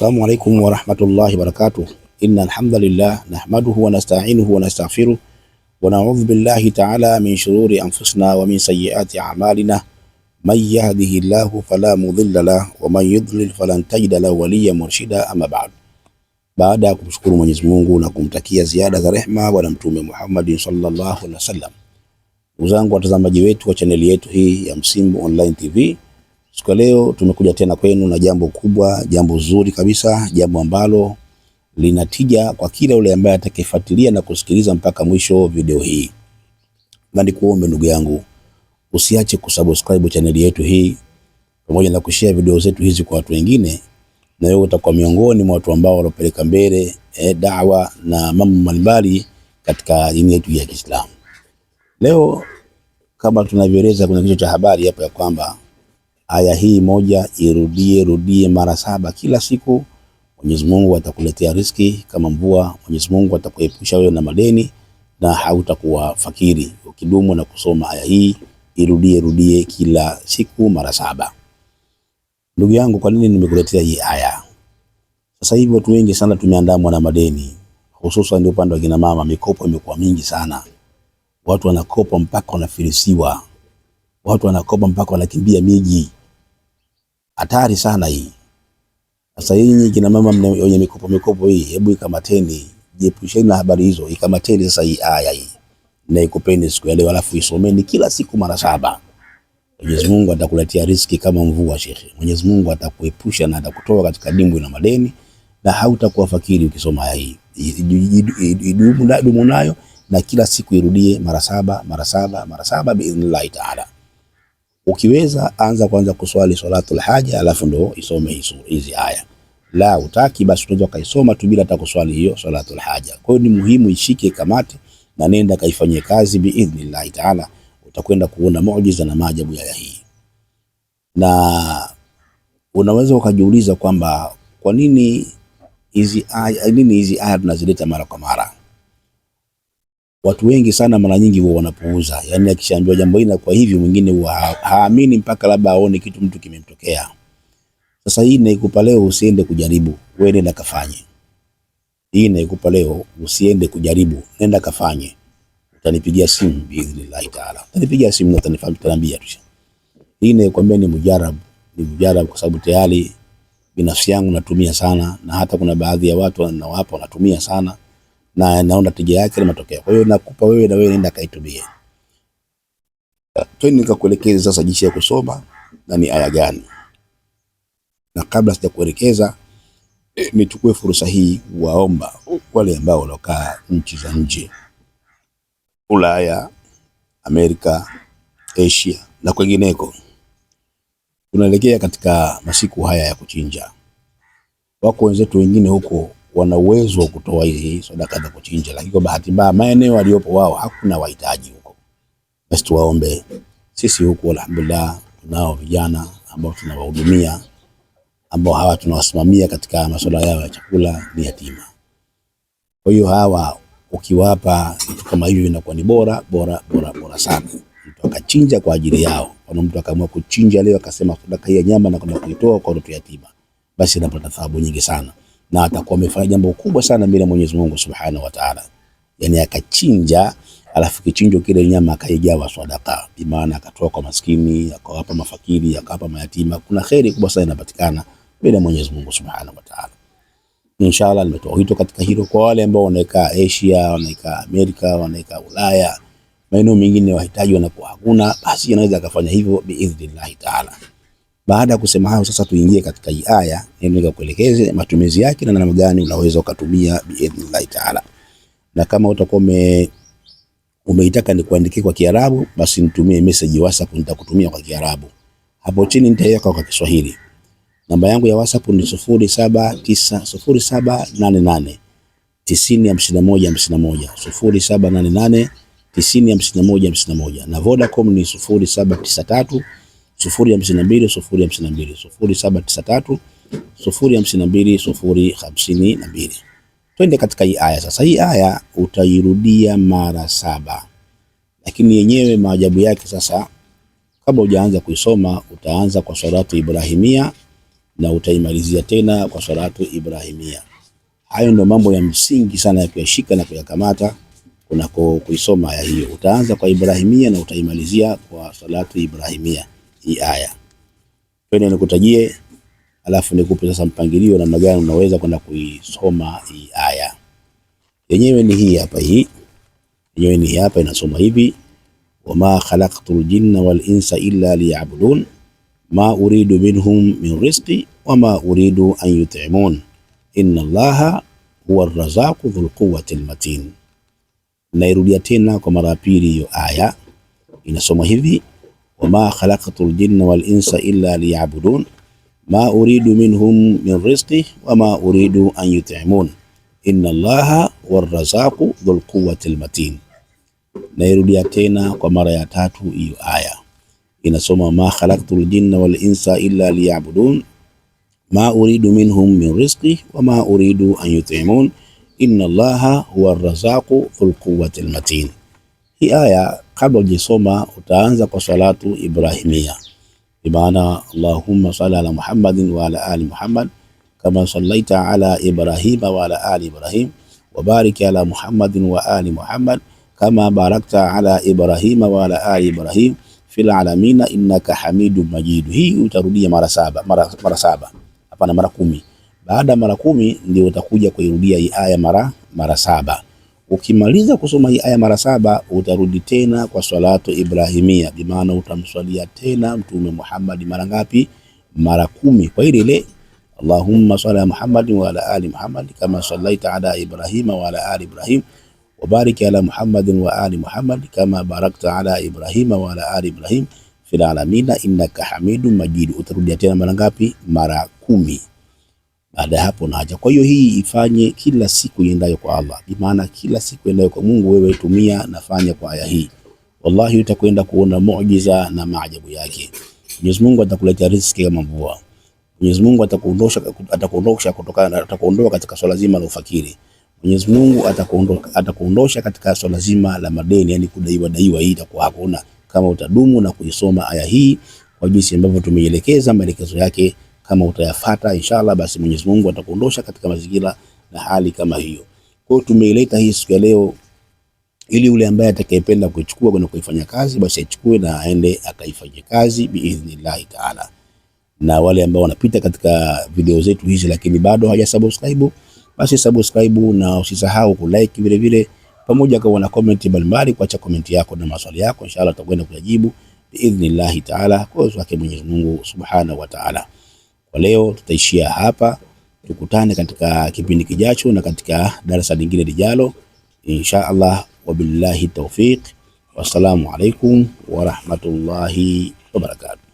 Assalamu alaikum warahmatullahi wabarakatuh. Inna alhamdulillah nahmaduhu wa nasta'inuhu wa nastaghfiruh wa na'udhu billahi ta'ala min shururi anfusina wa min sayyiati a'malina man yahdihillahu fala mudilla lah wa man yudlil falan tajida lahu waliya murshida amma ba'd. Baada ya kumshukuru Mwenyezi Mungu na kumtakia ziada za rehma Bwana Mtume Muhammad sallallahu alaihi wasallam, ndugu zangu watazamaji wetu wa chaneli yetu hii ya Msimbo Online TV Siku ya leo tumekuja tena kwenu na jambo kubwa, jambo zuri kabisa, jambo ambalo linatija kwa kila yule ambaye atakayefuatilia na kusikiliza mpaka mwisho video hii. Na nikuombe ndugu yangu, usiache kusubscribe channel yetu hii pamoja na kushare video zetu hizi kwa watu wengine, na wewe utakuwa miongoni mwa watu ambao wanapeleka mbele eh, dawa na mambo mbalimbali katika dini yetu ya Kiislamu. Leo kama tunavyoeleza, kuna kichwa cha habari hapa ya kwamba aya hii moja irudie rudie mara saba kila siku. Mwenyezi Mungu atakuletea riski kama mvua. Mwenyezi Mungu atakuepusha wewe na madeni na hautakuwa fakiri ukidumu na kusoma aya hii, irudie rudie kila siku mara saba. Ndugu yangu, kwa nini nimekuletea hii aya? Sasa hivi watu wengi sana tumeandamwa na madeni, hususan ndio upande wa kina mama. Mikopo imekuwa mingi sana, watu wanakopa mpaka wanafilisiwa, watu wanakopa mpaka wanakimbia miji hatari sana hii. Sasa yinyi kina mama wenye mikopo mikopo hii, hebu ikamateni, jiepusheni na habari hizo, ikamateni sasa hii aya hii na ikupeni siku ya leo, alafu isomeni kila siku mara saba. Mwenyezi Mungu atakuletea riziki kama mvua, shekhe. Mwenyezi Mungu atakuepusha na atakutoa katika dimbwi na madeni, na hautakuwa fakiri ukisoma aya hii. Idumu nayo na kila siku irudie mara saba mara saba mara saba, biidhnillahi taala. Ukiweza anza kwanza kuswali swalatul haja, alafu ndo isome hizi aya. La utaki, basi unaweza kaisoma tu bila hata kuswali hiyo swalatul haja. Kwa hiyo ni muhimu ishike kamati na nenda kaifanyie kazi biidhnillahi taala, utakwenda kuona muujiza na maajabu ya hii. Na unaweza ukajiuliza kwamba kwa nini hizi aya nini hizi aya tunazileta mara kwa mara Watu wengi sana mara nyingi huwa wanapuuza, yani akishaambiwa jambo hili na kwa hivyo, mwingine huwa haamini mpaka labda aone kitu mtu kimemtokea. Sasa hii naikupa leo, usiende kujaribu, wewe nenda kafanye. Hii naikupa leo, usiende kujaribu, nenda kafanye. Utanipigia simu biidhnillahi taala, utanipigia simu na utanifahamu, utaniambia tu. Hii naikwambia ni mujarabu, ni mujarabu kwa sababu tayari binafsi yangu natumia sana, na hata kuna baadhi ya watu nawapa wanatumia sana na naona tija yake na matokeo. Kwa hiyo nakupa wewe na wewe nenda kaitumie. Ah, twende nikakuelekeze sasa jinsi ya kusoma na ni aya gani. Na kabla sijakuelekeza e, nichukue fursa hii waomba wale ambao walokaa nchi za nje Ulaya, Amerika, Asia na kwengineko, tunaelekea katika masiku haya ya kuchinja. Wako wenzetu wengine huko wana uwezo wa kutoa hizi sadaka za kuchinja, lakini kwa bahati mbaya maeneo waliopo wao hakuna wahitaji huko. Basi tuwaombe sisi huku, alhamdulillah, tunao vijana ambao tunawahudumia ambao hawa tunawasimamia katika masuala yao ya chakula, ni yatima. Kwa hiyo hawa ukiwapa vitu kama hivyo inakuwa ni bora bora bora bora sana. Mtu akachinja kwa ajili yao, kwa mtu akaamua kuchinja leo akasema sadaka ya nyama na kwenda kuitoa kwa mtu yatima, basi anapata thawabu nyingi sana na atakuwa amefanya jambo kubwa sana mbele ya Mwenyezi Mungu Subhanahu wa Ta'ala. Yani akachinja, alafu kichinjo kile nyama akaigawa sadaka, bi maana akatoa kwa maskini, akawapa mafakiri, akawapa mayatima. Kuna khairi kubwa sana inapatikana mbele ya Mwenyezi Mungu Subhanahu wa Ta'ala. Inshallah, nimetoa wito katika hilo kwa wale ambao wanaika Asia, wanaika Amerika, wanaika Ulaya, maeneo mengine wahitaji wanakuwa hakuna, basi anaweza akafanya hivyo biidhnillahi taala. Baada ya kusema hayo, sasa tuingie katika hii aya, ili nikakuelekeze matumizi yake na namna gani unaweza ukatumia biidhnillahi taala. Na kama utakuwa ume umeitaka nikuandikie kwa Kiarabu, basi nitumie message WhatsApp, nitakutumia kwa Kiarabu. Hapo chini nitaweka kwa Kiswahili. Namba yangu ya WhatsApp ni 07890788 905151 0788 905151 na Vodacom ni 0793 Twende katika hii aya sasa. Hii aya utairudia mara saba, lakini yenyewe maajabu yake sasa, kabla hujaanza kuisoma utaanza kwa swaratu Ibrahimia na utaimalizia tena kwa swaratu Ibrahimia. Hayo ndio mambo ya msingi sana ya kuyashika na kuyakamata kunako kuisoma aya hiyo. Utaanza kwa Ibrahimia na utaimalizia kwa salatu Ibrahimia hii aya. Twende nikutajie, alafu nikupe sasa mpangilio namna gani unaweza kwenda kuisoma hii aya. Yenyewe ni hii hapa, hii yenyewe ni hapa, inasoma hivi wama khalaqtul jinna wal insa illa liya'budun ma uridu minhum min rizqi wama uridu an yut'imun inna allaha huwa arrazaqu dhul quwwati almatin. Nairudia tena kwa mara ya pili, hiyo aya inasoma hivi وما خلقت الجن والإنس إلا ليعبدون ما أريد منهم من رزق وما أريد أن يطعمون إن الله هو الرزاق ذو القوة المتين نيرودي أتينا ومريا تاتو إيو آية إن سوما ما خلقت الجن والإنس إلا ليعبدون ما أريد منهم من رزق وما أريد أن يطعمون إن الله هو الرزاق ذو القوة المتين Hii aya kabla ujisoma utaanza kwa salatu Ibrahimia, maana Allahumma salli ala Muhammadin wa ala ali Muhammad kama sallaita ala Ibrahima wa ala ali Ibrahim wa barik ala Muhammadin wa ali Muhammad kama barakta ala Ibrahima wa ala ali Ibrahim fil alamina innaka hamidu majidu. Hii utarudia mara saba, mara, mara saba hapana, mara kumi. Baada mara kumi ndio utakuja kuirudia hii aya mara mara saba. Ukimaliza kusoma hii aya mara saba utarudi tena kwa salatu Ibrahimia, bi maana utamswalia tena Mtume Muhammad mara ngapi? Mara kumi. Kwa ile ile Allahumma salli ala Muhammad wa ala ali Muhammad kama sallaita ala Ibrahima wa ala ali Ibrahim wa barik ala Muhammad wa ali Muhammad kama barakta ala Ibrahima wa ala ali Ibrahim fil alamina innaka hamidum majid. Utarudia tena mara ngapi? Mara kumi baada ya hapo naja. Kwa hiyo hii ifanye kila siku iendayo kwa Allah, bi maana kila siku iendayo kwa Mungu, wewe tumia nafanya kwa aya hii, wallahi utakwenda kuona muujiza na maajabu yake. Mwenyezi Mungu atakuletea riziki kama mvua. Mwenyezi Mungu atakuondosha atakuondosha kutoka atakuondoa katika swala zima la ufakiri. Mwenyezi Mungu atakuondosha katika swala zima la madeni, yani kudaiwa daiwa. Hii itakuwa hakuna kama utadumu na kuisoma aya hii kwa jinsi ambavyo tumeielekeza maelekezo yake kama utayafata inshallah, basi Mwenyezi Mungu atakuondosha katika mazingira na hali kama hiyo. Kwa hiyo tumeileta hii siku ya leo ili yule ambaye atakayependa kuichukua kwenda kuifanya kazi basi aichukue na aende akaifanye kazi biidhnillahi taala. Na wale ambao wanapita katika video zetu hizi lakini bado haja subscribe, basi subscribe na usisahau ku like vile vile, pamoja kwa na comment mbalimbali, kuacha comment yako na maswali yako, inshallah tutakwenda kuyajibu biidhnillahi taala kwa uwezo wake Mwenyezi Mungu subhanahu wa taala. Kwa leo tutaishia hapa, tukutane katika kipindi kijacho na katika darasa lingine lijalo insha Allah. Wabillahi taufiq, wassalamu alaikum warahmatullahi wabarakatuh.